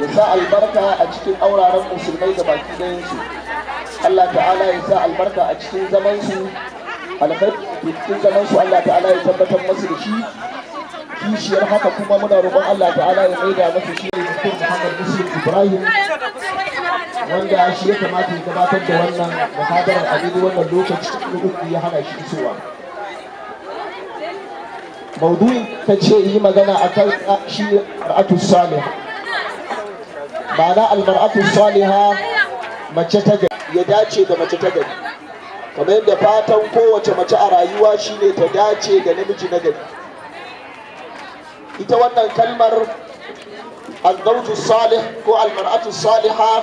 ya sa albarka a cikin auraren musulmai da baki ɗayansu Allah ta'ala ya sa albarka a cikin zamansu cikin zamansu Allah ta'ala ya tabbatar masu da shi kishiyar haka kuma muna roƙon Allah ta'ala ya maida masa shi ne cikin Muhammad Muslim Ibrahim wanda shi ya kamata ya gabatar da wannan muhadarar a daidai wannan lokaci da uku ya hana shi isowa. Maudu ta ce yi magana a kan shi ra'atu salih ba na almar'atu saliha mace ta gari ya dace da mace ta gari kamar yadda fatan kowace mace a rayuwa shine ta dace da namiji na gari ita wannan kalmar alzauju salih ko almar'atu saliha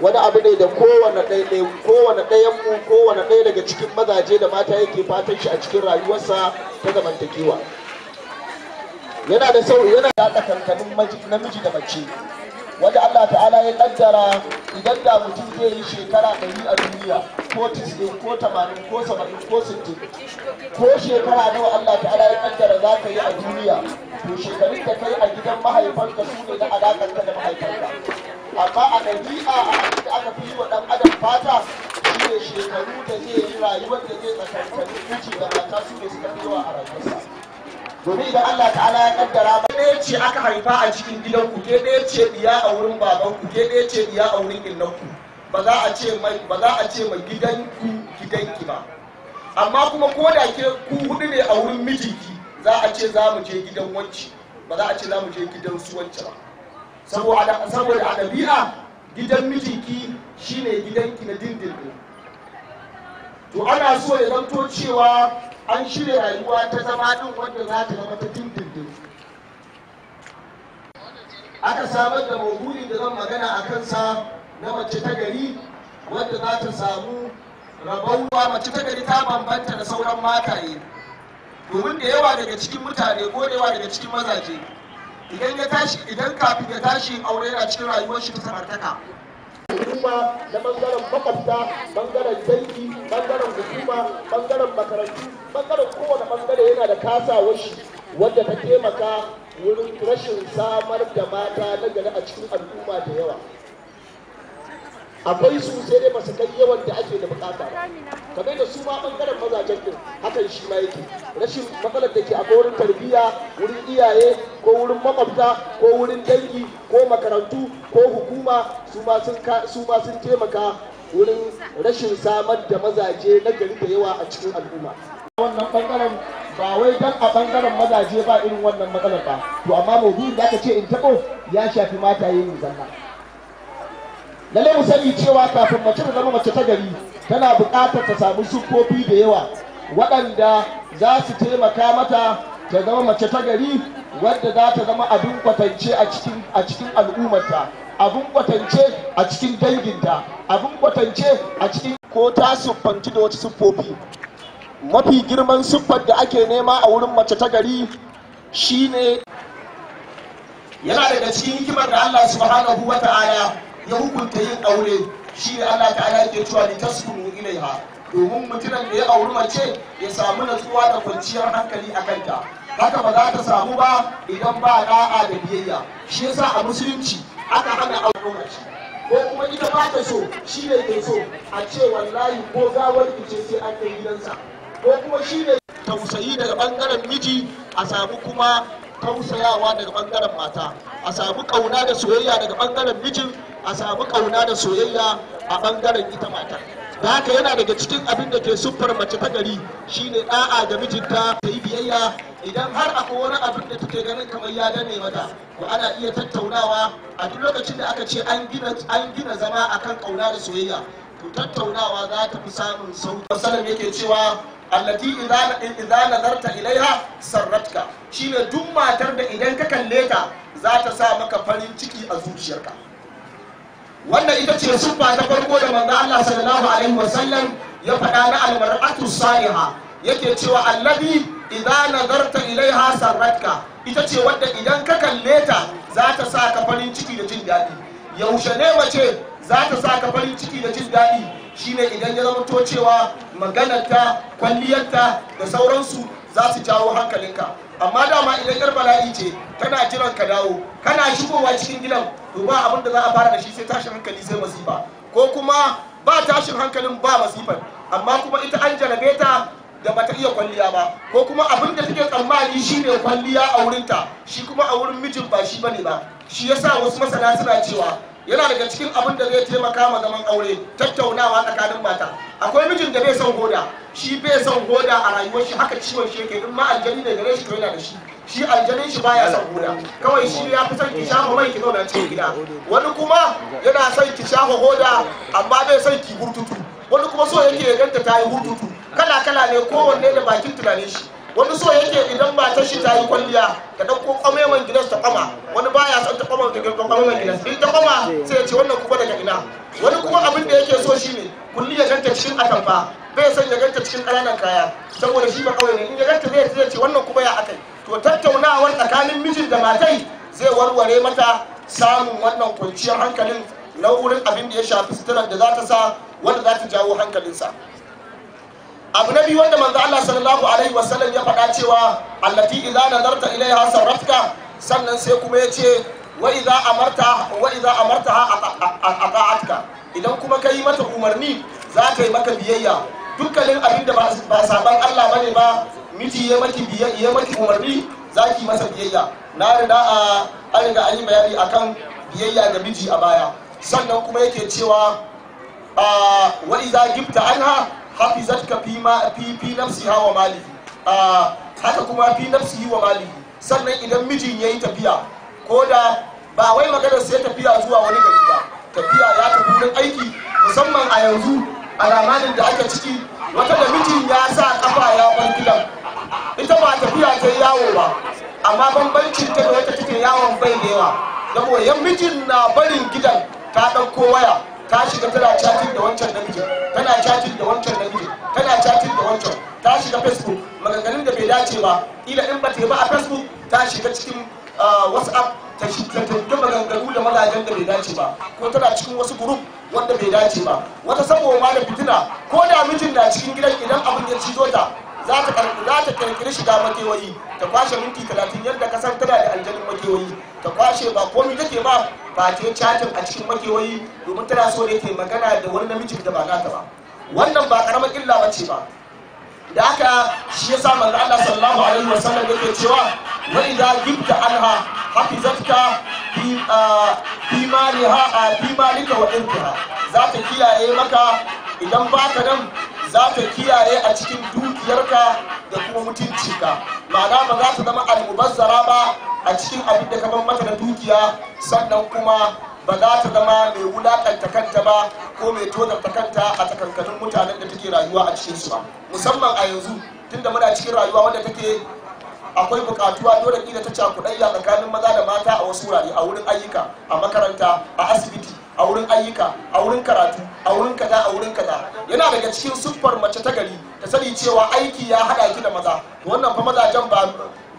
wani abu ne da kowane ɗaya kowane ɗayanmu kowane ɗaya daga cikin mazaje da mata yake fatan shi a cikin rayuwarsa ta zamantakewa yana da sau yana da kankanin namiji da mace wanda Allah ta'ala ya kaddara idan da mutum zai yi shekara ɗari a duniya ko tisin ko tamanin ko saba'in ko sittin ko shekara nawa Allah ta'ala ya kaddara za ka yi a duniya to shekarun da kai a gidan mahaifanka su ne na alaƙar ka da mahaifanka amma a ɗabi'a a da aka fi yi wa ɗan adam fata shi ne shekaru da zai yi rayuwar da zai tsakankanin miji da mata su ne suka fi yawa a rayuwarsa domin idan Allah ta'ala ya kaddara ba ɗaya ce aka haifa a cikin gidanku ke ɗaya ce biya a wurin babanku ke ɗaya ce biya a wurin innanku ba za a ce mai ba za a ce mai gidanku gidanki ba amma kuma ko da ke ku hudu ne a wurin mijinki za a ce za mu je gidan wanci ba za a ce za mu je gidan su wanci ba saboda saboda a ɗabi'a gidan mijinki shine gidanki na dindindin to ana so ya zanto cewa an shirya rayuwa ta zama ɗin wanda za ta zama ta dindindin aka samar da maburi da zan magana a kansa na mace ta gari wadda za ta samu rabauwa mace ta gari ta bambanta da sauran mataye domin da yawa daga cikin mutane ko da yawa daga cikin mazaje idan ya tashi idan kafin ya tashi aure yana cikin rayuwar shi ta samartaka Hukuma na bangaren makwabta bangaren dangi bangaren hukuma bangaren makarantu bangaren kowane bangare yana da kasawar shi wadda ta taimaka wurin rashin samar da mata na gari a cikin al'umma da yawa akwai su sai dai basu kai yawan da ake da bukata ba kamar da su ma bangaren mazajen din hakan shi ma yake rashin matsalar da ke a wurin tarbiyya wurin iyaye ko wurin makwabta ko wurin dangi ko makarantu ko hukuma su ma sun su ma sun taimaka wurin rashin samar da mazaje na gari da yawa a cikin al'umma wannan bangaren ba wai dan a bangaren mazaje ba irin wannan matsalar ba to amma maudu'in da aka ce in tabo ya shafi mataye ne zanna lalle mu sani cewa kafin mace ta zama mace ta gari tana buƙatar ta samu siffofi da yawa waɗanda za su taimaka mata ta zama mace ta gari wadda za ta zama abin kwatance a cikin al'ummarta abin kwatance a cikin danginta abin kwatance a cikin ko ta siffanci da wasu siffofi mafi girman siffar da ake nema a wurin mace ta gari shine yana daga cikin hikimar da Allah subhanahu wa ta'ala ya hukunta yin aure shi Allah ta'ala yake cewa ni taskunu ilaiha domin mutumin da ya auri mace ya samu natsuwa da kwanciyar hankali a kanta haka ba za ta samu ba idan ba da'a da biyayya shi yasa a musulunci aka hana aure mace ko kuma ita ba ta so shi ne ke so a ce wallahi ko gawar ce sai an kai gidansa ko kuma shi ne tausayi daga bangaren miji a samu kuma tausayawa daga bangaren mata a samu kauna da soyayya daga bangaren mijin a samu kauna da soyayya a bangaren ita matar da haka yana daga cikin abin da ke siffar mace ta gari shine da'a ga mijinta ta yi biyayya idan har akwai wani abin da take ganin kamar ya dane mata ko ana iya tattaunawa a duk lokacin da aka ce an gina an gina zama akan kauna da soyayya to tattaunawa za ta fi samun sauki. Masalan yake cewa allati idza nazarta ilaiha sarratka shine duk matar da idan ka kalle ta za ta sa maka farin ciki a zuciyarka wannan ita ce siffa ta farko da manzo Allah sallallahu alaihi wasallam ya faɗa na almar'atu saliha yake cewa allabi idza nazarta ilaiha sarratka ita ce wadda idan ka kalle ta za ta sa ka farin ciki da jin daɗi yaushe ne mace za ta sa ka farin ciki da jin daɗi shine idan ya zamanto cewa maganarta kwalliyarta da sauransu za su jawo hankalinka amma dama idan yar bala'i ce tana jiran ka dawo kana shigowa cikin gidan to ba abin da za a fara da shi sai tashin hankali sai masifa ko kuma ba tashin hankalin ba masifar amma kuma ita an jarabe ta da bata iya kwalliya ba ko kuma abin da take tsammani shine kwalliya a wurinta shi kuma a wurin mijin ba shi bane ba shi yasa wasu masana suna cewa yana daga cikin abin da zai taimaka ma zaman aure tattaunawa tsakanin mata akwai mijin da bai son hoda shi bai son hoda a rayuwar shi haka ciwon shi yake in ma aljani ne gare shi to yana da shi shi aljanin shi baya son hoda kawai shi ya fi son ki shafa mai ki zauna cikin gida wani kuma yana son ki shafa hoda amma bai son ki hurtutu wani kuma so yake ya ganta ta yi hurtutu kala kala ne kowanne da bakin tunanin shi wani so yake idan ba ta shi ta yi kwalliya ka ko kwameman gidan ta kwama wani baya son ta kwama ta girka gidan in ta kwama sai ya ce wannan kuma daga ina wani kuma abin da yake so shine kulliya ya ganta cikin atamfa bai son ya ganta cikin ƙananan kaya saboda shi ba kawai ne in ya ganta zai ce wannan kuma ya akai to tattaunawar tsakanin mijin da matai zai warware mata samun wannan kwanciyar hankalin na wurin abin da ya shafi suturar da za ta sa wanda za ta jawo hankalinsa abu na biyu wanda manzo Allah sallallahu alaihi wasallam ya faɗa cewa allati idza nadarta ilaiha sarrafka sannan sai kuma ya ce wa idza amarta wa idza ata'atka idan kuma kai mata umarni za ta yi maka biyayya dukkanin abin da ba saban Allah bane ba miji ya maki biyayya maki umarni za ki masa biyayya na rida a an ga an yi bayani akan biyayya ga miji a baya sannan kuma yake cewa wa idza gibta anha hafizatka fi ma fi fi hawa mali a ah, haka kuma fi nafsihi wa mali sannan idan mijin yayi tafiya ko da ba wai magana sai tafiya zuwa wani gari ba tafiya ya tafi wurin aiki musamman a yanzu a ramanin da ake ciki wata da mijin ya sa kafa ya bar gidan ita ba tafiya ta yawo ba amma bambancin ta da wata take yawon bai da yawa saboda yan mijin na barin gidan ta ɗauko waya ka shiga tana chatting da wancan namijin tana chatting da wancan namijin tana chatting da wancan ta shiga facebook maganganun da bai dace ba kila in ba ba a facebook ta shiga cikin ah, whatsapp ta shiga maganganu da mazajen da bai dace ba ko tana cikin wasu group wanda bai dace ba wata saboda ma da fitina ko da mijin na cikin gidan idan abin ya cizo ta za ta kirkiri shiga makewayi ta kwashe minti talatin yadda kasar tana da aljanin makewayi ta kwashe ba komai take ba bakin chatin a cikin makewayi domin tana so ne ta magana da wani namijin da ba nata ba wannan ba karamar illa ba ce ba da haka shi yasa manzo Allah sallallahu alaihi wasallam yake cewa wa idza gibta anha hafizatka bi ah, bi maliha ah, bi malika wa intaha za ta kiyaye maka idan ba ka nan za ta kiyaye a cikin dukiyarka da kuma mutuncinka ma'ana ba za ta zama almubazzara ba a cikin abin da ka ban mata da dukiya sannan kuma ba za ta zama mai wulakanta kanta ba ko mai tozarta kanta a takankanin mutanen da take rayuwa a cikin su ba musamman a yanzu tunda muna cikin rayuwa wanda take akwai bukatuwa dole da ta cakudayya tsakanin maza da mata a wasu wurare a wurin ayyuka a makaranta a asibiti a wurin ayyuka a wurin karatu a wurin kaza a wurin kaza yana daga cikin siffar mace ta gari ta sani cewa aiki ya haɗa ki da maza wannan fa mazajen ba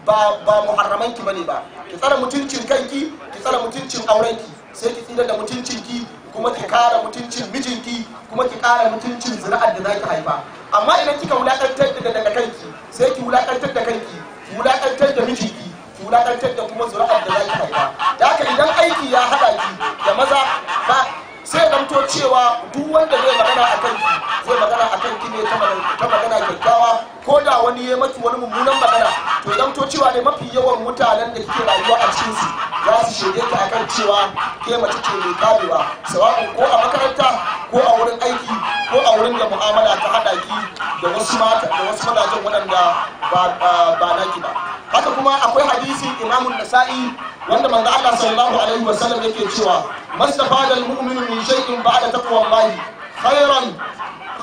ba ba muharraman ki bane ba ki tsara mutuncin kanki ki tsara mutuncin aurenki sai ki tsira da mutuncin ki kuma ki kara mutuncin mijinki kuma ki kara mutuncin zuri'ar da zaki haifa amma idan kika wulakantar da daga kanki sai ki wulakantar da kanki ki wulakantar da mijinki wulaƙantar da kuma zuri'ar da za ki haifa da haka idan aiki ya haɗa ki da maza ba sai zamto cewa duk wanda zai magana a kanki zai magana a kanki ne ta magana kyakkyawa ko da wani ya mutu wani mummunan magana to zan to cewa ne mafi yawan mutanen da ke rayuwa a cikin su za su shirye ka akan cewa ke mace ce mai kamewa sawa'un ko a makaranta ko a wurin aiki ko a wurin da mu'amala ta hada ki da wasu mata da wasu mazajen waɗanda ba na naki ba haka kuma akwai hadisi imamun nasa'i wanda manzo Allah sallallahu alaihi wasallam yake cewa mastafadal mu'minu min shay'in ba'da taqwallahi khairan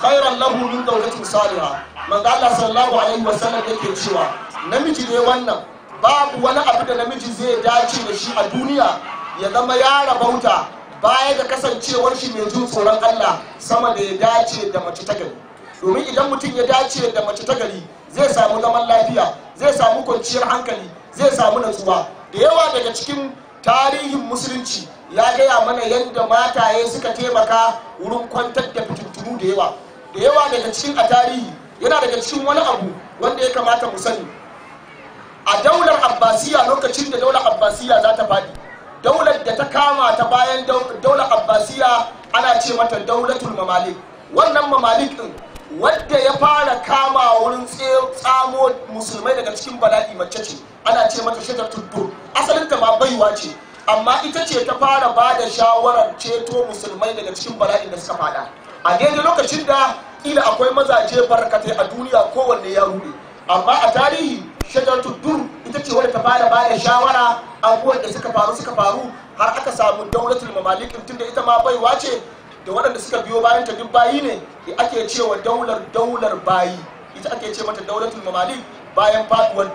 khairan lahu min zawjatin salihah manzo Allah sallallahu alaihi wasallam yake cewa namiji ne wannan babu wani abu da namiji zai dace da shi a duniya ya zama ya rabauta baya ga kasancewar shi mai jin tsoron Allah sama da ya dace da mace ta gari domin idan mutum ya dace da mace ta gari zai samu zaman lafiya zai samu kwanciyar hankali zai samu natsuwa da yawa daga cikin tarihin musulunci ya gaya mana yadda mataye suka taimaka wurin kwantar da fitintunu da yawa da yawa daga cikin a tarihi yana daga cikin wani abu wanda ya kamata mu sani a daular abbasiya lokacin da daular abbasiya za ta faɗi daular da ta kama ta bayan daular abbasiya ana ce mata daulatul mamalik wannan mamalik din wadda ya fara kama wurin tsamo musulmai daga cikin bala'i mace ce ana ce mata shajar tuddu asalin ta ma baiwa ce amma ita ce ta fara ba da shawarar ceto musulmai daga cikin bala'in da suka fada a daidai lokacin da kila akwai mazaje barkatai a duniya kowanne ya rude amma a tarihi shajar dur ita ce wadda ta fara ba da shawara abubuwan da suka faru suka faru har aka samu daulatul mamalikin tunda ita ma baiwa ce da waɗanda suka biyo bayan ta duk bayi ne ake cewa daular daular bayi ita ake ce mata daulatul mamalik bayan faduwar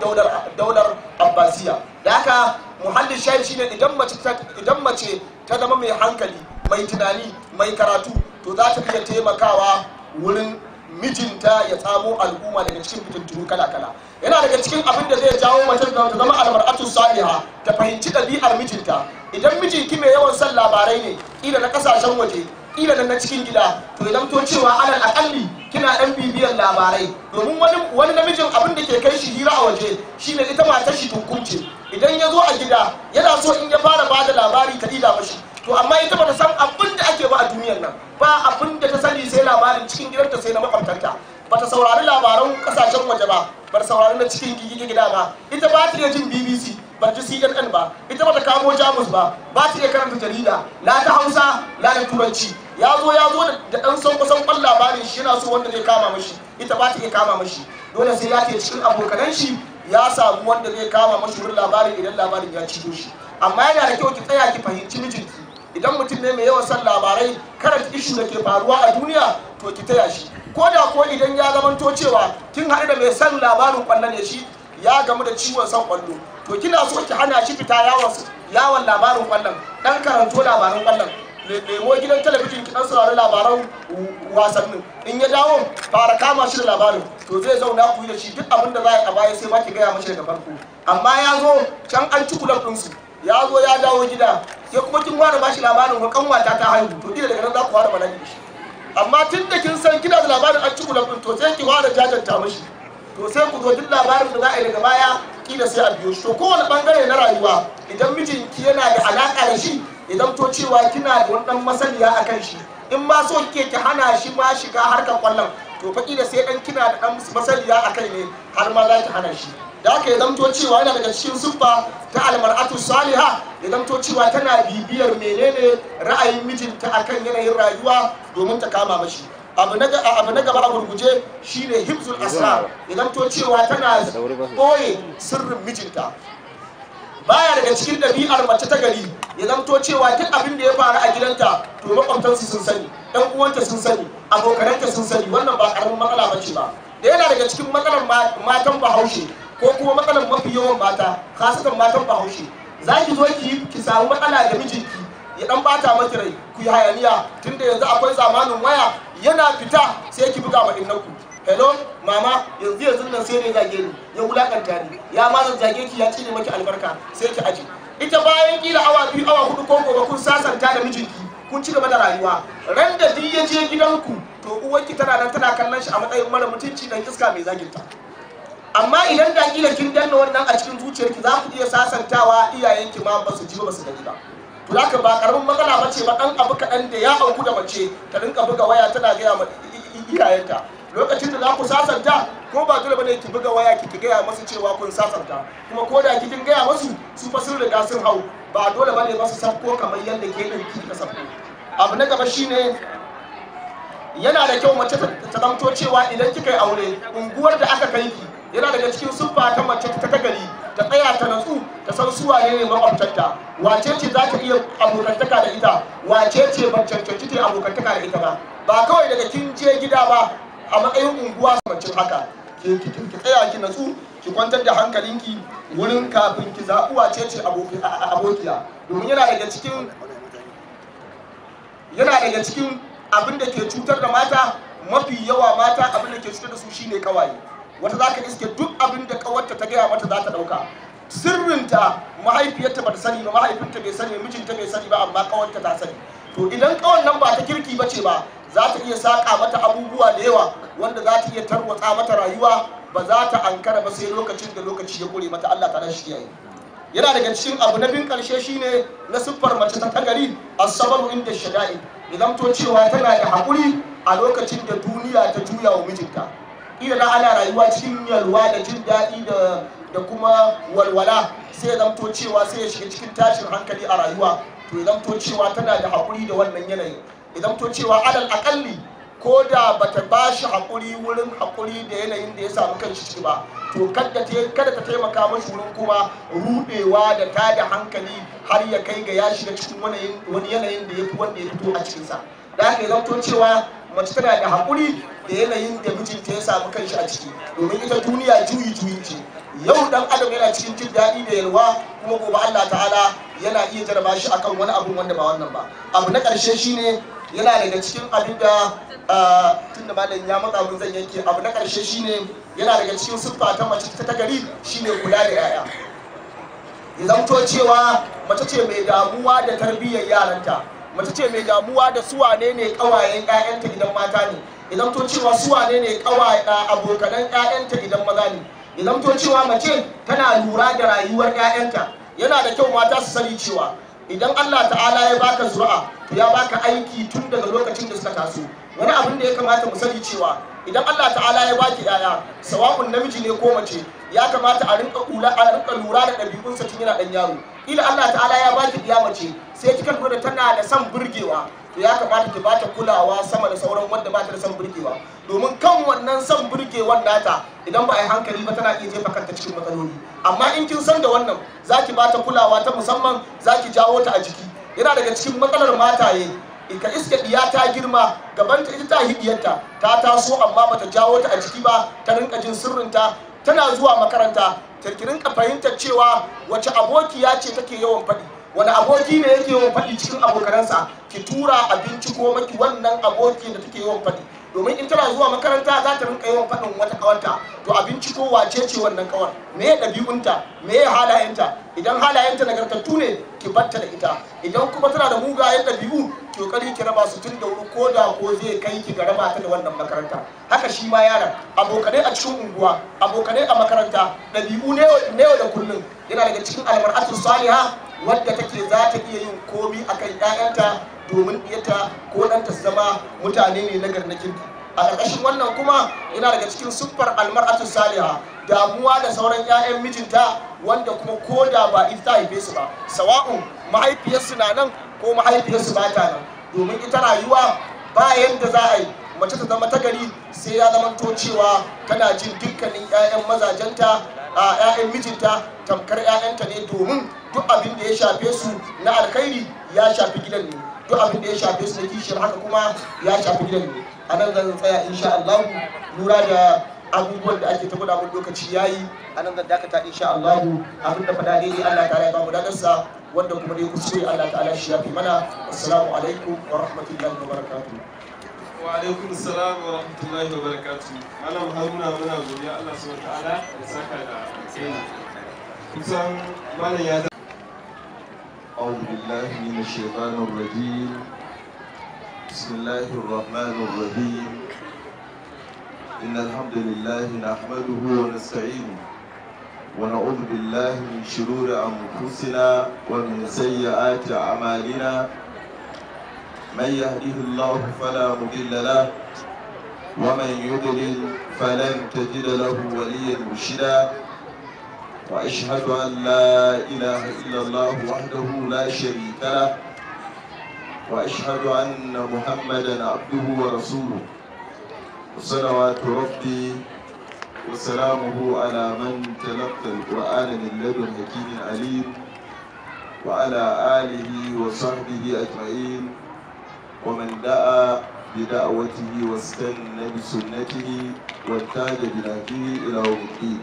daular abbasiya da haka muhallin shayi shine idan mace ta zama mai hankali mai tunani mai karatu to za ta iya taimakawa wurin mijinta ya samo al'umma daga cikin fitintunu kala-kala yana daga cikin abin da zai jawo mace da zama almar'atu sa'iha ta fahimci ɗabi'ar mijinta idan mijinki mai yawan son labarai ne ila na ƙasashen waje kila da na cikin gida to idan to cewa alal akalli kina dan bibiyar labarai domin wani wani namijin abin da ke kai shi hira a waje shine ita matar shi tunkunce idan ya zo a gida yana so in ya fara bada labari ta ida mashi to amma ita bata san abin da ake ba a duniyar nan ba abin da ta sani sai labarin cikin gidanta sai na makwabtarta bata saurari labaran kasashen waje ba bata saurari na cikin gida ba ita ba ta jin BBC ba ta cnn ba ita ba ta kamo jamus ba ba ta iya karanta jarida la ta hausa la ta turanci ya zo ya zo da dan son kusan kwan labarin shi yana so wanda zai kama mashi ita ba ta iya kama mashi dole sai ya ce cikin abokanan shi ya samu wanda zai kama mashi wurin labarin idan labarin ya ci shi amma yana da kyau ki tsaya ki fahimci mijinki idan mutum ne mai yawan son labarai karanta ishu da ke faruwa a duniya to ki taya shi ko da ko idan ya zamanto cewa kin haɗu da mai son labarin kwallon ne shi ya gamu da ciwon san kwallo to kina so ki hana shi fita yawon yawon labarin kwallon dan karanto labarin kwallon nemo gidan talabijin ki dan saurari labaran wasannin in ya dawo fara kama shi da labarin to zai zauna ku da shi duk abin da za a baya sai ma ki gaya mashi daga farko amma ya zo can an ci kulan ɗinsu ya zo ya dawo gida sai kuma kin ware ba shi labarin ko wata ta haihu to gida daga nan za ku ware bala'i amma tun da kin san kina da labarin an ci kulan ɗin to sai ki ware jajanta mashi to sai ku zo duk labarin da za a yi daga baya kila sai a biyo shi to kowane bangare na rayuwa idan mijinki yana da alaka da shi idan to cewa kina da wani dan masaniya akan shi in ma so kike ki hana shi ma shiga harkar kwallon to fa kila sai dan kina da dan masaniya akai ne har ma za ki hana shi da haka ya to cewa yana daga cikin siffa ta almar'atu saliha ya to cewa tana bibiyar menene ra'ayin mijinta akan yanayin rayuwa domin ta kama mashi abu na gaba a gurguje shine hibzul asrar idan to cewa tana boye sirrin mijinta baya daga cikin ɗabi'ar mace ta gari ya cewa duk abin da ya faru a gidanta to makwabtansu sun sani ɗan uwanta sun sani abokananta sun sani wannan ba ƙaramin matsala ba ce ba da yana daga cikin matsalar matan bahaushe ko kuma matsalar mafi yawan mata kasukan matan bahaushe za ki zo ki ki samu matsala da mijinki ya ɗan bata maki rai ku yi hayaniya tunda yanzu akwai zamanin waya yana fita sai ki buga wa innaku hello mama yanzu yanzu nan sai ne zage ni ya wulakanta ni ya ma zage ki ya cire maki albarka sai ki aje ita bayan kila awa biyu awa hudu ko gobe kun sasanta da mijinki kun ci gaba da rayuwa ran da duk yaje gidanku to uwarki tana nan tana kallon shi a matsayin mara mutunci dan iska mai zaginta amma idan da kila kin danna wannan a cikin zuciyarki za ku iya sasantawa iyayenki ma ba su ji ba su gani ba za ba karamin magana ba ce ba ɗan abu kaɗan da ya auku da mace ta rinka buga waya tana gaya ma iyayenta lokacin da za ku sasanta ko ba dole bane ki buga waya ki gaya masu cewa kun sasanta kuma ko da kin gaya masu su fa sun riga sun hau ba dole bane masu sabko kamar yadda ke din ki ka sabko abu na gaba shine yana da kyau mace ta zamto cewa idan kika yi aure unguwar da aka kai ki yana daga cikin sufa ta mace ta gari ta tsaya ta natsu ta san su waye ne makwabtarta wace ce za ta iya abokantaka da ita wace ce ba cancanci ta abokantaka da ita ba ba kawai daga kin je gida ba a matsayin unguwa su mace haka ki tsaya ki natsu ki kwantar da hankalinki wurin kafin ki zaɓi wace ce abokiya domin yana daga cikin yana daga cikin abin da ke cutar da mata mafi yawa mata abin da ke cutar da su shine kawai wata za ka iske duk abin da kawarta ta gaya mata za ta ɗauka sirrinta mahaifiyarta bata sani ba mahaifinta bai sani mijinta bai sani ba amma kawarta ta sani to idan kawan nan ba ta kirki ba ce ba za ta iya saka mata abubuwa da yawa wanda za ta iya tarwatsa mata rayuwa ba za ta ankara ba sai lokacin da lokaci ya kure mata Allah ta shi yayi yana daga cikin abu na bin karshe shine na siffar mace ta tagari asabaru inda shada'i idan to cewa tana da hakuri a lokacin da duniya ta juya wa mijinta idan ana rayuwa cikin yalwa da jin daɗi da kuma walwala sai ya cewa sai ya shiga cikin tashin hankali a rayuwa to ya zamto cewa tana da haƙuri da wannan yanayin ya zamto cewa alal aƙalli ko da bata ba shi haƙuri wurin haƙuri da yanayin da ya samu kanshi shi ba to kada ta taimaka mashi wurin kuma ruɗewa da tada hankali har ya kai ga ya shiga cikin wani yanayin da ya fi wanda ya fito a cikinsa da haka ya zamto cewa mace tana da hakuri da yanayin da mijinta ya samu kanshi a ciki domin ita duniya juyi juyi ce yau dan adam yana cikin jin daɗi da yalwa kuma gobe Allah ta'ala yana iya jarba shi akan wani abu wanda ba wannan ba abu na ƙarshe shine yana daga cikin abin da ah, tun da malam ya matsa mun zan yanke abu na ƙarshe shine yana daga cikin siffa ta mace ta gari shine kula da yaya ya zamto cewa mace ce mai damuwa da tarbiyyar yaranta mace ce mai damuwa da suwa ne kawayen ƴaƴanta idan mata ne idan to cewa suwa ne kawaye abokanan ƴaƴanta idan maza ne idan to cewa mace tana lura da rayuwar ƴaƴanta yana da kyau mata su sani cewa idan Allah ta'ala ya baka zuri'a to ya baka aiki tun daga lokacin da suka taso wani abin da ya kamata mu sani cewa idan Allah ta'ala ya baki yaya sawa'un namiji ne ko mace ya kamata a rinka kula a rinka lura da ɗabi'unsa tun yana ɗan yaro ila Allah ta'ala ya baki ɗiya mace sai kika lura tana da san burgewa to ya kamata ki bata kulawa sama da sauran wanda ba ta da san burgewa domin kan wannan san burgewan nata idan ba a yi hankali ba tana iya jefa kanta cikin matsaloli amma in kin san da wannan zaki ki bata kulawa ta musamman zaki jawo ta a jiki yana daga cikin matsalar mataye ka iske ɗiya ta girma gabanta ita ta hidiyarta ta taso amma bata jawo ta a jiki ba ta rinka jin sirrinta tana zuwa makaranta ta ka fahimtar cewa wace abokiya ce take yawan faɗi wani aboki ne yake yawan faɗi cikin abokanansa ki tura abinci ko maki wannan aboki da take yawan faɗi domin in tana zuwa makaranta za ta rinka yawan faɗin wata ƙawarta to abinci ciko wace ce wannan kawar. me ya ɗabi'unta me ya halayenta idan halayenta nagartattu ne ki batta da ita idan kuma tana da mugayen ɗabi'u ki ki raba su tun da wuri ko da ko zai kai ki ga raba ta da wannan makaranta haka shi ma yaran abokanai a cikin unguwa abokanai a makaranta ɗabi'u ne yau da kullum yana daga cikin albarkatun saliha wadda take za ta iya yin komi akan 'ya'yanta domin iyata ko ɗanta su zama mutane ne na garnakin a ƙarƙashin wannan kuma yana daga cikin siffar almar'atu saliha damuwa da sauran 'ya'yan mijinta wanda kuma ko da ba ita ta haife su ba sawa'un mahaifiyarsu na nan ko mahaifiyarsu ba ta nan domin ita rayuwa ba yadda za a yi mace ta zama ta gari sai ya zama to cewa tana jin dukkanin 'ya'yan mazajenta a 'ya'yan mijinta tamkar 'ya'yanta ne domin duk abin da ya shafe su na alkhairi ya shafi gidan ne duk abin da ya shafe su da kishiyar haka kuma ya shafi gidan ne a nan zan tsaya insha Allah lura da abubuwan da ake tafi da mun lokaci yayi a nan zan dakata insha Allah abin da faɗa ne Allah ta'ala ya ba mu dadarsa wanda kuma dai kuskure Allah ta'ala shi ya fi mana assalamu alaikum wa rahmatullahi wa barakatuh alaikum salam wa rahmatullahi wa barakatu malam haruna muna godiya allah subhanahu wa ta'ala da saka da alheri kusan malam ya أعوذ بالله من الشيطان الرجيم بسم الله الرحمن الرحيم إن الحمد لله نحمده ونستعينه ونعوذ بالله من شرور أنفسنا ومن سيئات أعمالنا من يهده الله فلا مضل له ومن يضلل فلن تجد له وليا مرشدا وأشهد أن لا إله إلا الله وحده لا شريك له وأشهد أن محمدا عبده ورسوله وصلوات ربي وسلامه على من تلقى القرآن من لدن حكيم عليم وعلى آله وصحبه أجمعين ومن دعا بدعوته واستنى بسنته وانتهج بنهجه إلى يوم الدين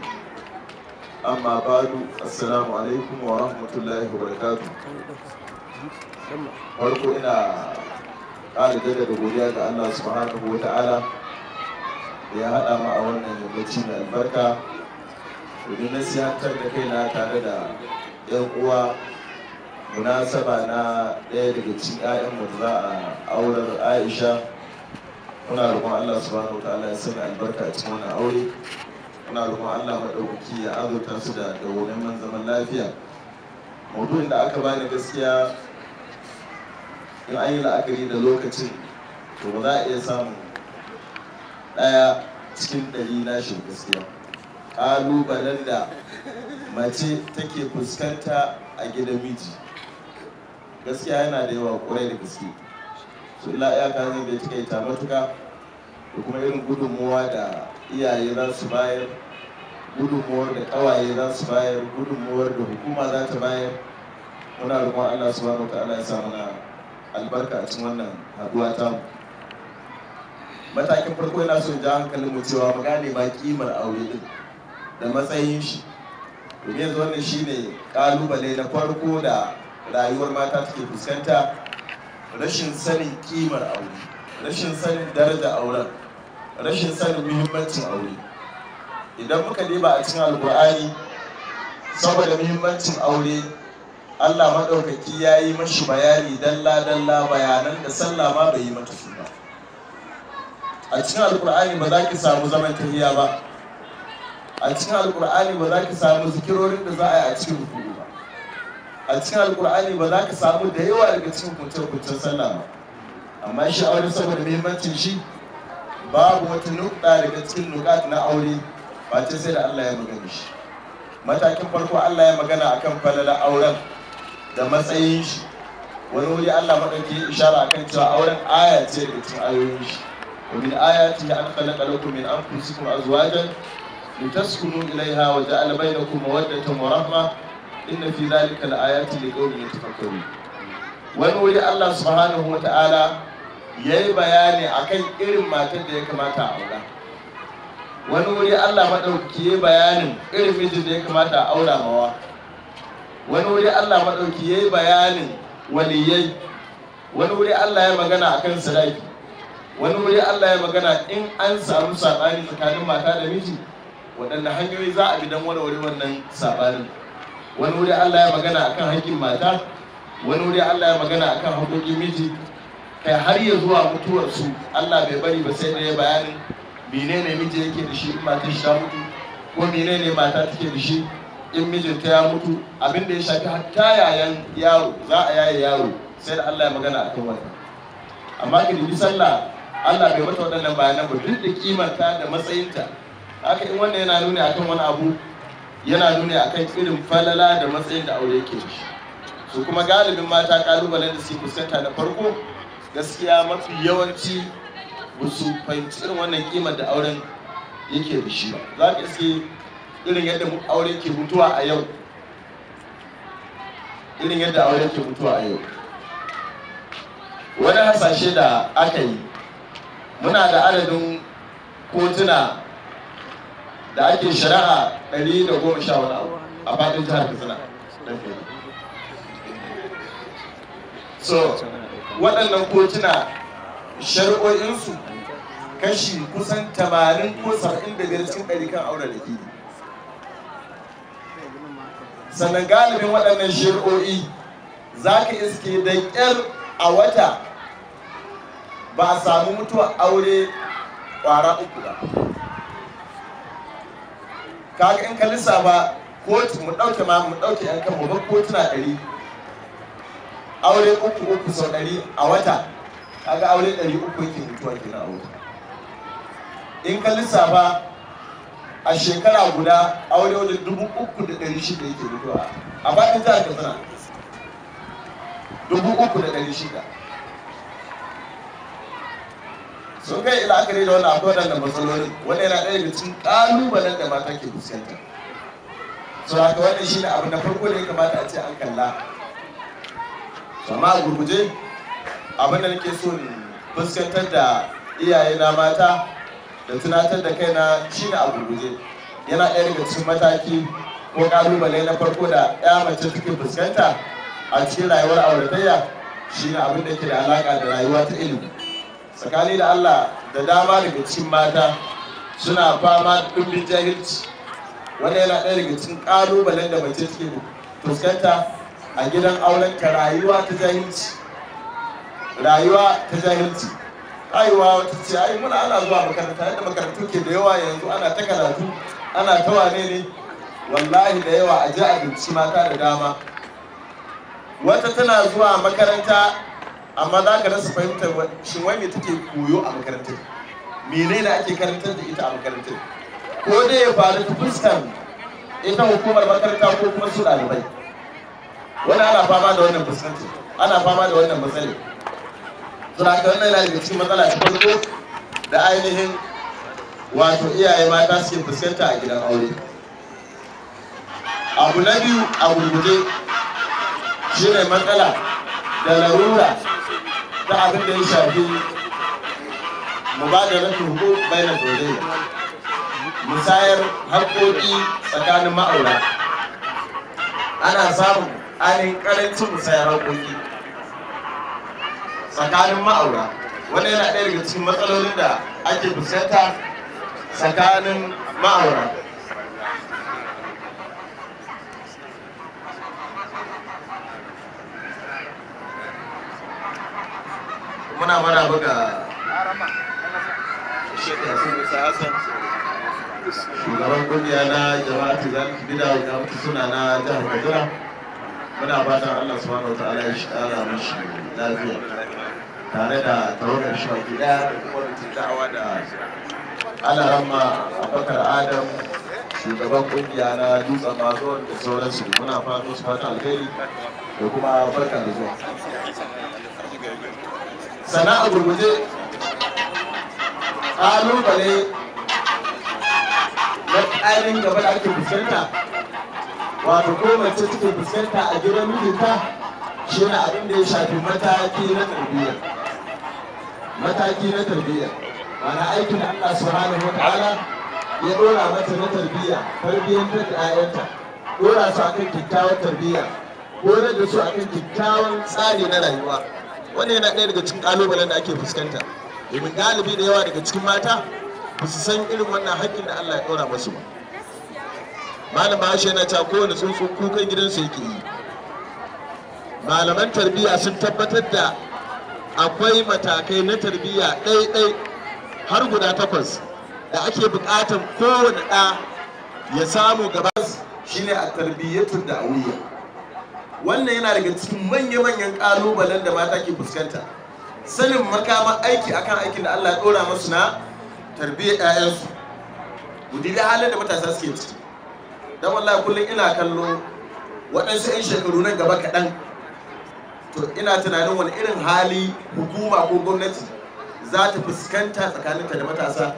amma badu assalamu alaikum wa rahmatullahi wa barakatu farko ina da daga godiya ga Allah subhanahu wa ta'ala ya haɗa mu a wannan yammaci mai albarka domin na siyantar da na tare da yan uwa munasaba na ɗaya daga cikin 'ya'yanmu da za a aurar aisha muna roƙon Allah subhanahu wa ta'ala ya sanya albarka a cikin wannan aure muna roƙon Allah maɗaukaki ya azurta su da man zaman lafiya maudu'in da aka bani gaskiya in an yi la'akari da lokacin to ba za a iya samun ɗaya cikin ɗari na shi gaskiya ƙalubalen da mace take fuskanta a gidan miji gaskiya yana da yawa ƙwarai da gaske su ila iyaka zai bai matuka da kuma irin gudunmuwa da iyaye za su bayar gudunmuwar da kawaye za su bayar gudunmuwar da hukuma za ta bayar muna roƙon allah subhanahu wa ta'ala ya sa mana albarka a cikin wannan haduwa ta matakin farko yana so ja hankalin mu cewa mu gane ba kimar aure din da matsayin shi domin yanzu wannan shine ƙalubale na farko da rayuwar mata take fuskanta rashin sanin kimar aure rashin sanin daraja auren rashin sanin muhimmancin aure idan muka diba a cikin alkur'ani saboda muhimmancin aure allah maɗaukaki ya yi mashi bayani dalla-dalla bayanan da sallah ma bai yi mata su ba a cikin alkur'ani ba za ki samu zaman tahiya ba a cikin alkur'ani ba za ki samu zikirorin da za a yi a cikin rukuni ba a cikin alkur'ani ba za ka samu da yawa daga cikin kuntar-kuntar sallah ba amma shi aure saboda muhimmancin shi babu wata nukɗa daga cikin nukat na aure ba sai da Allah ya magana shi matakin farko Allah ya magana akan falala auren da matsayin shi wani wuri Allah madauki ishara akan cewa auren aya ce da cikin ayoyin shi wa min ayati an khalaqa lakum min anfusikum azwajan litaskunu ilayha wa ja'ala bainakum mawaddatan wa rahma inna fi dhalika la ayati liqaumin yatafakkarun wani wuri Allah subhanahu wa ta'ala ya yi bayani akan irin matar da ya kamata a aura wani wuri allah maɗauki ya bayanin irin mijin da ya kamata a aura mawa wani wuri allah maɗauki ya yi bayanin waliyai wani wuri allah ya magana a kan sadaki wani wuri allah ya magana in an samu saɓani tsakanin mata da miji waɗanne hanyoyi za a bi don warware wannan saɓanin wani wuri allah ya magana a kan hankin mata wani wuri allah ya magana a kan hankokin miji kai eh, har ya zuwa mutuwarsu Allah bai bari ba sai da ya bayanin menene miji yake da shi in matar shi ta mutu ko menene mata take da shi in ta ya mutu abin da ya shafi hatta yayan yaro za a yaye yaro sai da Allah ya magana akan wannan amma ki dubi sallah Allah bai mata waɗannan bayanan ba duk da kimanta da matsayinta haka in wannan yana nuni akan wani abu yana nuni akan irin falala da matsayin da aure yake da shi su kuma galibin mata kalubalen da su fuskanta na farko gaskiya mafi yawanci musu su fahimci irin wannan kimar da auren yake da shi ba za ka iske irin yadda auren ke mutuwa a yau irin yadda auren ke mutuwa a yau wani hasashe da aka yi muna da adadin kotuna da ake shari'a 110 wani abu a faɗin jihar katsina so waɗannan kotuna shari'o'insu kashi kusan tamanin ko biyar cikin ɗari kan aure da ke sannan galibin waɗannan shari'o'i za ka iske da ƙyar a wata ba a samu mutuwa aure ƙwara uku ba kaga in ka ba kotu mu ɗauke ma mu ɗauke 'yan kan babban kotuna ɗari aure uku uku sau ɗari a wata kaga aure ɗari uku yake mutuwa ke na aure in ka lissafa a shekara guda aure wajen dubu uku da ɗari shida yake mutuwa a faɗin za ka tsana dubu uku da ɗari shida sun kai la'akari da wannan akwai wadanda matsalolin wanda yana ɗaya da cikin ƙalubalen da mata ke fuskanta so haka wannan shi ne abu na farko da ya kamata a ce an kalla amma a gurguje abinda nake so in fuskantar da iyaye na mata da tunatar da kaina shine a gurguje yana ɗaya daga cikin mataki ko ƙalubale na farko da ya mace take fuskanta a cikin rayuwar auratayya shine abin da ke da alaƙa da rayuwa ta ilimi tsakani da Allah da dama daga cikin mata suna fama da ɗumbin jahilci wanda yana ɗaya daga cikin ƙalubalen da mace suke fuskanta a gidan ka rayuwa ta jahilci rayuwa ta jahilci aiwa wata ce ai muna ana zuwa makaranta yadda makarantu ke da yawa yanzu ana ta karatu ana ta wane ne wallahi da yawa a ji abinci mata da dama wata tana zuwa makaranta amma za ka rasa fahimtar shin wai me take koyo a makarantar menene ake karantar da ita a makarantar ko dai ya faru ta fuskar ita hukumar makaranta ko kuma su ɗalibai wani ana fama da wannan fuskanci ana fama da wannan matsali suna ka wannan yana cikin matsala ta farko da ainihin wato iyaye mata suke fuskanta a gidan aure abu na biyu a gurguje shine matsala da larura ta abin da ya shafi mubadaratul hukuk bainar zawjayya musayar haƙoƙi tsakanin ma'aura ana samun ainihin karancin musayar harkoki tsakanin ma'aura wani yana ɗaya daga cikin matsalolin da ake fuskanta tsakanin ma'aura muna mara buga shugaban kungiya na jama'a tuzan bida wuta suna na jihar kaduna muna fatan Allah subhanahu wataala ya shara mishi lafiya tare da tawagar shafi daya da kwamitin da'awa da ana ramma abakar adam shugaban kungiya na dutsen mazo wanda sauransu muna fatan su fata alheri da kuma barka da zuwa sana'a gurguje ƙalubale na ƙarin gaba da ake fuskanta wato ko mace take fuskanta a gidan mijinta shi ne abin da ya shafi mataki na tarbiyya mataki na tarbiyya mana aikin Allah subhanahu wa ta'ala ya dora mata na tarbiyya ta da ayyanta dora su akan kyakkyawar tarbiyya horar da su akan kyakkyawan tsari na rayuwa wannan yana ɗaya daga cikin ƙalubalen da ake fuskanta domin galibi da yawa daga cikin mata ba su san irin wannan haƙƙin da Allah ya ɗora masu ba malama ashe na cewa kowane tsuntsu kukan gidansu yake yi malaman tarbiyya sun tabbatar da akwai matakai na tarbiyya ɗai-ɗai har guda takwas da ake buƙatar kowane ɗa ya samu gaba shine a tarbiyyatun da wuya wannan yana daga cikin manya-manyan ƙalubalen da mata ke fuskanta sanin makaman aiki akan aikin da Allah ya ɗora masu na tarbiyyar 'ya'yansu. Gudu da halin da matasa suke ciki. dan wallahi kullum ina kallo waɗansu 'yan shekaru nan gaba kaɗan to ina tunanin wani irin hali hukuma ko gwamnati za ta fuskanta tsakaninta da matasa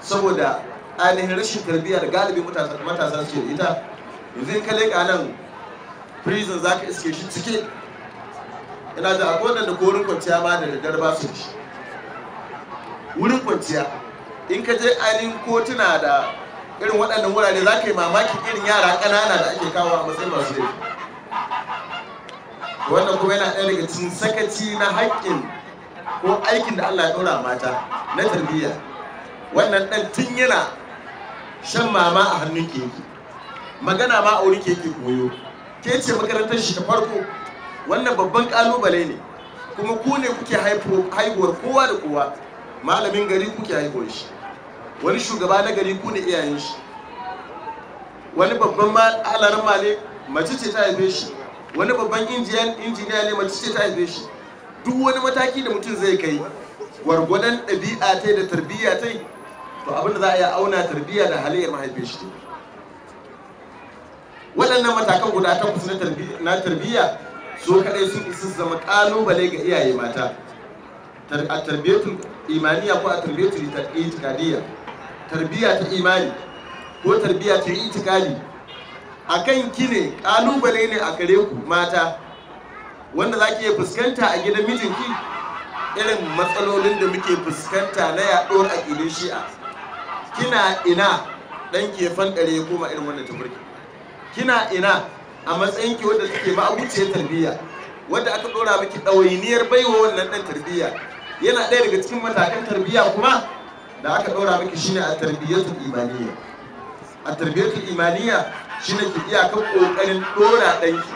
saboda ainihin rashin tarbiyya da galibi matasa su da ita yanzu in ka leƙa nan prison za ka iske shi cike ina da akwai wanda ko wurin kwanciya ma da daddare ba su wurin kwanciya in ka je ainihin kotuna da irin waɗannan wurare za ka yi mamaki irin yara ƙanana da ake kawo a matsayin masu laifi wannan kuma yana ɗaya daga cikin sakaci na haƙƙin ko aikin da Allah ya ɗora mata na tarbiyya wannan ɗan tun yana shan mama a hannun keke magana ma a wurin keke koyo ke ce makarantar shi ta farko wannan babban ƙalubale ne kuma ku ne kuke haihuwar kowa da kowa malamin gari kuke haihuwar shi wani shugaba na gari ku ne iyayen shi wani babban alaran male mace ce ta haife shi wani babban injiniya ne mace ce ta haife shi duk wani mataki da mutum zai kai gwargwadon ɗabi'a ta da tarbiyya ta to abin da za a yi auna tarbiyya da halayyar mahaifin shi waɗannan matakan guda takwas na tarbiyya so kaɗai sun isa zama ƙalubale ga iyaye mata a tarbiyatul imaniya ko a tarbiyatul itikadiyya tarbiyya ta imani ko tarbiyya ta itikali a kan ki ne ne a gare ku mata wanda za ki fuskanta a gidan mijinki irin matsalolin da muke fuskanta na yaɗuwar aƙidun shi'a kina ina ɗan ke fankare ya koma irin wannan tafarki kina ina a matsayin ki wadda take ma'abuciyar tarbiyya wadda aka ɗora miki ɗawainiyar baiwa wannan ɗan tarbiyya yana ɗaya daga cikin matakan tarbiyya kuma da aka ɗora miki shine a tarbiyyatul imaniya a tarbiyyatul imaniya shine ki iya kan kokarin ɗora ɗanki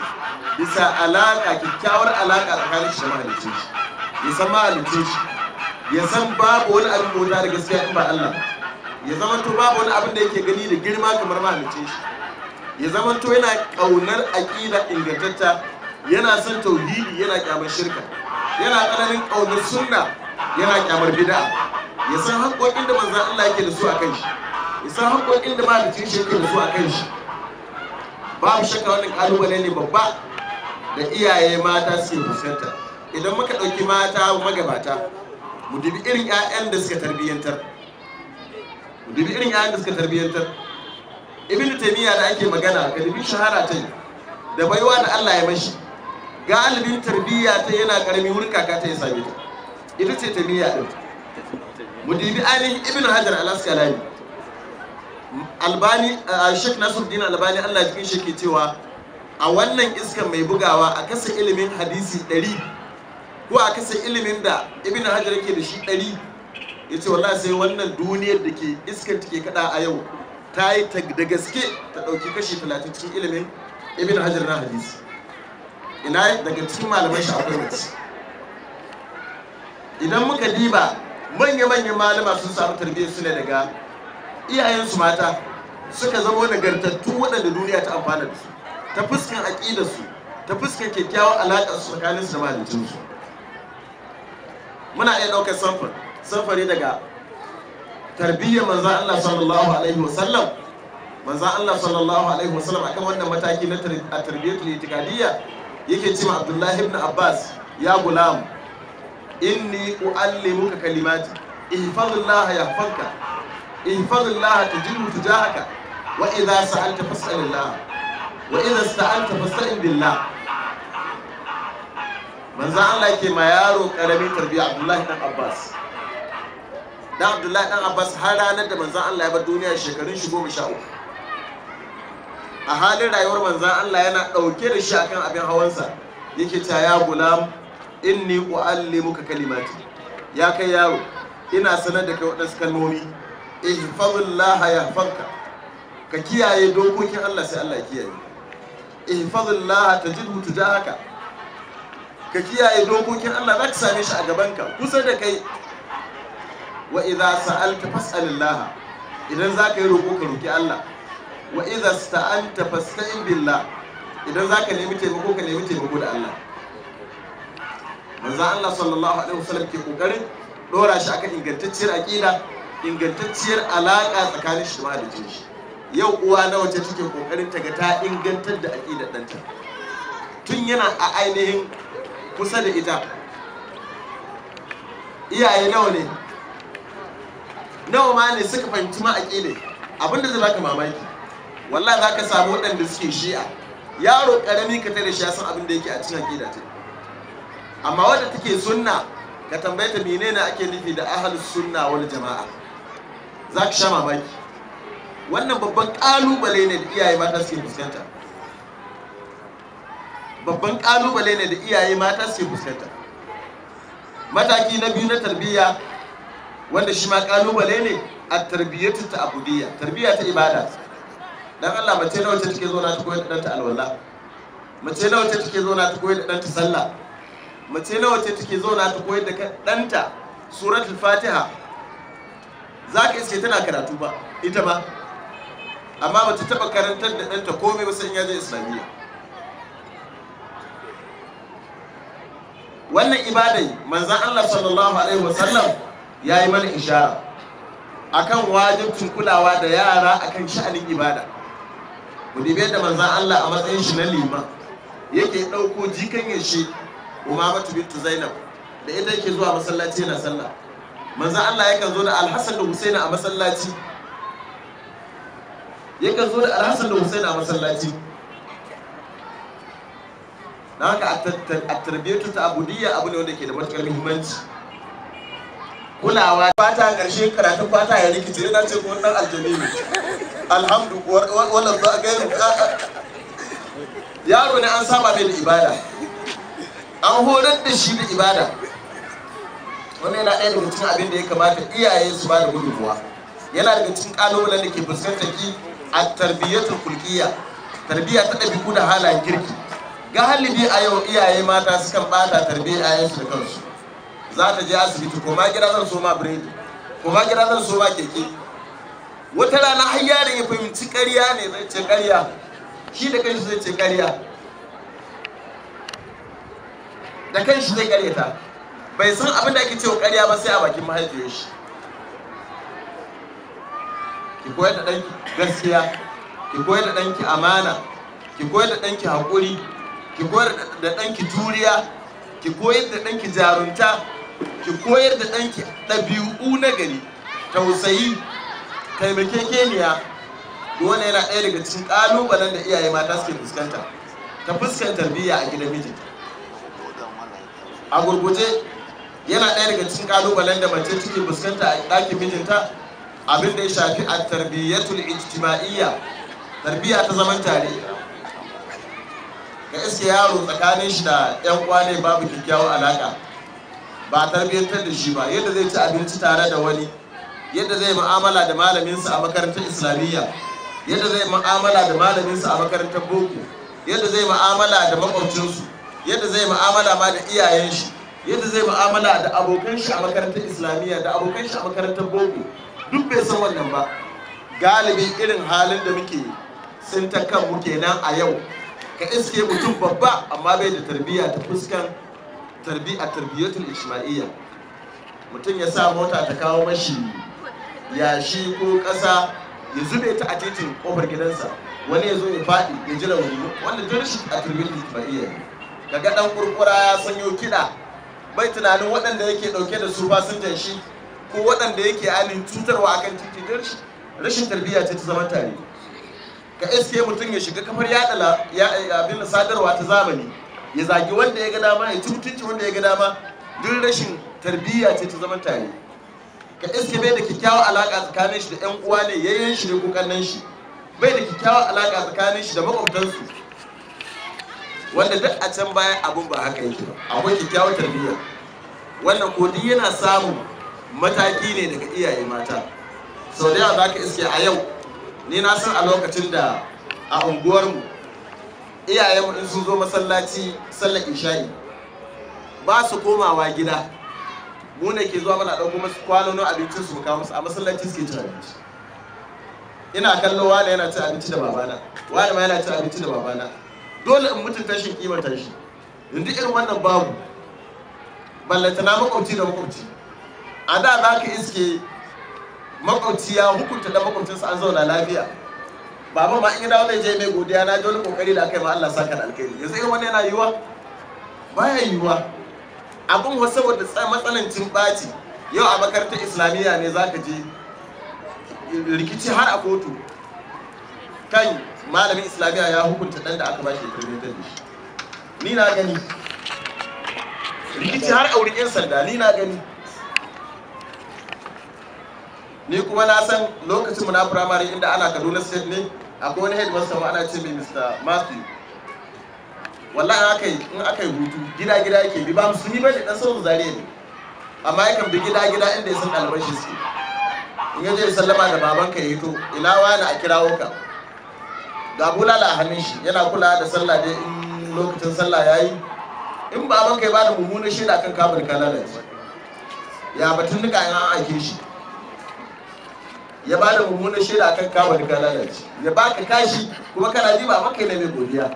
bisa alaƙa kyakkyawar alaƙa tsakanin shi da mahalicin shi ya san mahalicci shi ya san babu wani abin bauta da gaskiya in ba Allah ya zama to babu wani abin da yake gani da girma kamar mahalicci. shi ya zama to yana ƙaunar aƙida ingantatta yana son tauhidi yana kyamar shirka yana ƙananin ƙaunar sunna yana kyamar bid'a ya san haƙoƙin da manzan Allah yake da su a kan shi ya san haƙoƙin da malicin shi yake da su a kan shi babu shakka wannan ƙalubale ne babba da iyaye mata suke fuskanta idan muka ɗauki mata magabata mu dubi irin 'ya'yan da suka tarbiyyantar mu dubi irin 'ya'yan da suka tarbiyyantar ibn taymiya da ake magana ka dubi shahara ta da baiwa da Allah ya mashi galibin tarbiyya ta yana karami wurin kaka ta ya same ta ita ce taymiya ɗin. Mudibi dibi ainihin ibn hajar al askalani albani eh, shek nasuddin albani allah jikin shi ke cewa a wannan iskan mai bugawa a kasa ilimin hadisi 100 ko a kasa ilimin da ibn hajar yake da shi 100 ya ce wallahi sai wannan duniyar da ke iskan take kada a yau ta yi da gaske ta ɗauki kashi 30 cikin ilimin ibn hajar na hadisi ina daga cikin malaman shi akwai mace idan muka diba manya-manyan malama sun samu tarbiyyar su ne daga iyayensu mata suka zama nagartattu waɗanda duniya ta amfana da su ta fuskan aƙidarsu ta fuskan kyakkyawar alaƙar su tsakaninsu da mahalicinsu muna iya ɗaukar samfur samfari daga tarbiyyar manzan Allah sallallahu alaihi wasallam manzan Allah sallallahu alaihi wasallam akan wannan mataki na tarbiyyatul itikadiyya yake cewa Abdullahi ibn Abbas ya gulam inni uallimuka kalimati ihfazillaha yahfazka ihfazillaha tajidhu tujahaka wa idza sa'alta fas'alillah wa idza sta'anta fasta'in billah manzo Allah ke ma yaro karamin tarbiya Abdullahi dan Abbas dan Abdullahi dan Abbas har ranar da manzo Allah ya bar duniya shekarun shi goma sha a halin rayuwar manzan Allah yana ɗauke da shi akan abin hawansa yake ta ya gulam inni muka kalimati ya kai yaro ina sanar da kai waɗansu kalmomi ya yahfazka ka kiyaye dokokin Allah sai Allah ya kiyaye ihfazillah tajidhu haka. ka kiyaye dokokin Allah za ka same shi a gaban ka kusa da kai wa idza sa'alta fas'alillah idan za ka yi roƙo ka roƙi Allah wa idza sta'anta fasta'in billah idan za ka nemi taimako ka nemi taimako da Allah manzon Allah sallallahu alaihi wasallam ke kokarin dora shi akan ingantacciyar aqida ingantacciyar alaka tsakanin shi da jin shi yau uwa na wace take kokarin ta ga ta ingantar da aqidar danta tun yana a ainihin kusa da ita iyaye nawa ne nawa ma ne suka fahimci ma aqida abinda zai baka mamaki wallahi zaka samu waɗanda suke shi'a yaro karami ka tare shi ya san abin da yake a cikin aqida ta amma wadda take sunna ka tambaye ta menene ake nufi da ahlus sunna wal jama'a za ka sha mamaki wannan babban kalubale ne da iyaye mata suke fuskanta babban kalubale ne da iyaye mata suke fuskanta mataki na biyu na tarbiyya wanda shi ma kalubale ne a tarbiyyatu ta abudiyya tarbiyya ta ibada dan Allah mace nawa ce take zo na ta koyar da danta alwala mace nawa ce take zo na ta koyar da danta sallah mace nawa ce take zauna ta koyar da ɗanta suratul fatiha za ka iske tana karatu ba ita ba amma ba ta taɓa karantar da ɗanta komai wasu in yaje islamiyya wannan ibadai manzan allah sallallahu alaihi wasallam ya yi mana ishara akan wajibcin kulawa da yara akan sha'anin ibada ku dibe da manzan allah a matsayin shi na liman yake ɗauko jikan yashi Umamatu bintu zainab da ita yake zuwa masallaci yana sallah Manzo allah yakan zo da Al-Hasan da husaina a masallaci yakan zo da alhassan da husaina a masallaci na haka at-tarbiyatu ta abudiyya abu ne wanda ke da matuƙar muhimmanci kulawa fata karshe karatun fata ya rikice yana ce ko wannan aljami ne alhamdu wannan ba gairu yaro ne an saba mai ibada an horar da shi da ibada wannan yana ɗaya daga cikin abin da ya kamata iyaye su ba da gudunmuwa yana daga cikin ƙalubalen da ke fuskantar ki a tarbiyyatul kulkiya tarbiyya ta ɗabi'u da halayen kirki Ga halibi a yau iyaye mata sukan ɓata tarbiyyar su da kansu za ta je asibiti ko ma gida zan so ma biredi ko ma gida zan so ma keke wata rana har yaron ya fahimci ƙarya ne zai ce ƙarya shi da kanshi zai ce ƙarya da kan shi zai karyata bai san abin da ake cewa karya ba sai a bakin mahaifiyar shi ki koyar da ɗanki gaskiya ki koyar da ɗanki amana ki koyar da ɗanki haƙuri ki koyar da ɗanki juriya ki koyar da ɗanki jarunta ki koyar da ɗanki ɗabi'u na gari tausayi taimakekeniya wannan yana ɗaya daga cikin ƙalubalen da iyaye mata suke fuskanta ta fuskantar biya a gidan mijinta a gurguje yana ɗaya daga cikin ƙalubalen da mace take fuskanta a ɗakin mijinta abin da ya shafi a tarbiyyatul ijtima'iyya tarbiyya ta zaman tare ga iske yaro tsakanin shi da yan ne babu kyakkyawar alaƙa. ba tarbiyyantar da shi ba yadda zai ci abinci tare da wani yadda zai mu'amala da malaminsa a makarantar islamiyya yadda zai mu'amala da malaminsa a makarantar boko yadda zai mu'amala da makwabcinsu yadda zai mu'amala ma da iyayen shi yadda zai mu'amala da abokan shi a makarantar islamiyya da abokan shi a makarantar boko duk bai san wannan ba galibi irin halin da muke sun ta kan muke nan a yau ka iske mutum babba amma bai da tarbiyya ta fuskan tarbiyya tarbiyyatul ijtima'iyya mutum ya sa mota ta kawo mashi yashi ko ƙasa ya zube ta a titin kofar gidansa wani ya zo ya faɗi ya ji rauni wanda dole shi a tarbiyyatul ijtima'iyya daga dan kurkura ya sanyo kiɗa bai tunanin waɗanda yake ɗauke da su sun shi ko waɗanda yake alin cutarwa akan titi don rashin tarbiyya ce ta zama tare ka iske mutum ya shiga kafar yaɗa abin sadarwa ta zamani ya zagi wanda ya ga dama ya cutunci wanda ya ga dama duk rashin tarbiyya ce ta zama tare ka iske bai da kyakkyawar alaƙa tsakanin shi da 'yan uwa ne yayin shi ne kokannan shi bai da kyakkyawar alaƙa tsakanin shi da maƙwabtansu wanda duk a can bayan abun ba haka yake ba akwai kyakkyawar tarbiyya wannan ko duk yana samun mataki ne daga iyaye mata sau da yawa za ka iske a yau ni na san a lokacin da a unguwarmu iyayenmu in sun zo masallaci sallar isha'i ba su komawa gida mu ne ke zuwa mana ɗauko masu kwanonin abincin su kawo musu a masallaci suke cin abinci ina kallo wani yana cin abinci da babana wani ma yana cin abinci da babana dole in mutunta shi kimanta shi yanzu irin wannan babu na makwabci da makwabci a da za ka iske makwabci ya hukunta da makwabcinsa an zauna lafiya baba ma in yi dawo je mai godiya na dole kokari da aka yi ma Allah kan da Ya yanzu irin wannan yana yiwuwa? baya yiwuwa. abin wasu saboda matsanancin ɓaci yau a makarantar islamiyya ne za ka je rikici har a kotu kan malamin islamiyya ya hukunta dan da aka ba shi firmintar da ni na gani rikici har auren yan sanda ni na gani ni kuma na san lokacin mu na primary inda ana Kaduna State ne akwai wani headmaster ma ana ce mai Mr. Matthew wallahi aka yi in aka yi hutu gida gida yake bi ba musulmi ne dan sauran zariya ne amma yakan bi gida gida inda ya san albashi su in yaje sallama da babanka ya hito ina wani a kirawo ka ga bulala a hannun shi yana kula da sallah dai in lokacin sallah ya yi in ba ban kai ba da mummunan shaida kan kamar kalalaci ya batun duka yan an aike shi ya ba da mummunan shaida kan kamar kalalaci ya ba ka kashi kuma kana ji ba makai na mai godiya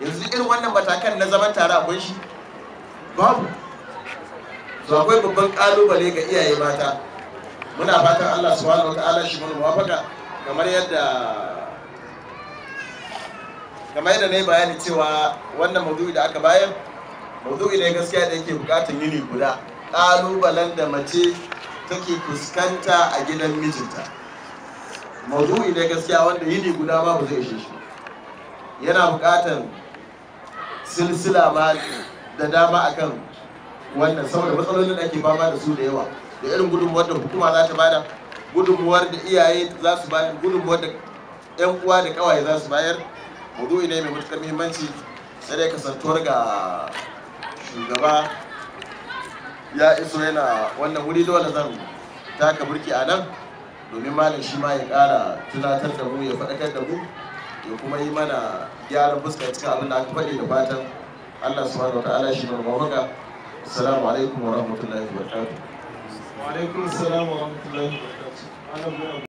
yanzu irin wannan matakan na zaman tare akwai shi babu to akwai babban kalubale ga iyaye mata muna fatan Allah subhanahu wa ta'ala shi mana kamar yadda kamar yadda na yi bayani cewa wannan maudu'i da aka bayan maudu'i ne gaskiya da yake bukatar yini guda ƙalubalen da mace take fuskanta a gidan mijinta maudu'i ne gaskiya wanda yini guda ma ba zai ishe shi yana bukatar silsila ma da dama akan wannan saboda matsalolin da ake fama da su da yawa da irin gudunmuwar da hukuma za ta bada gudunmuwar da iyaye za su bayar gudunmuwar da 'yan uwa da kawaye za su bayar maudu'i ne mai matukar muhimmanci sai dai kasantuwar ga shugaba ya iso yana wannan wuri dole zan taka burki a nan domin malam shi ma ya kara tunatar da mu ya faɗakar da mu ya kuma yi mana gyaran fuska cikin abin da aka faɗi da fatan Allah subhanahu wa ta'ala shi mana mafaka assalamu alaikum wa rahmatullahi wa barakatuh wa alaikum assalam wa rahmatullahi wa barakatuh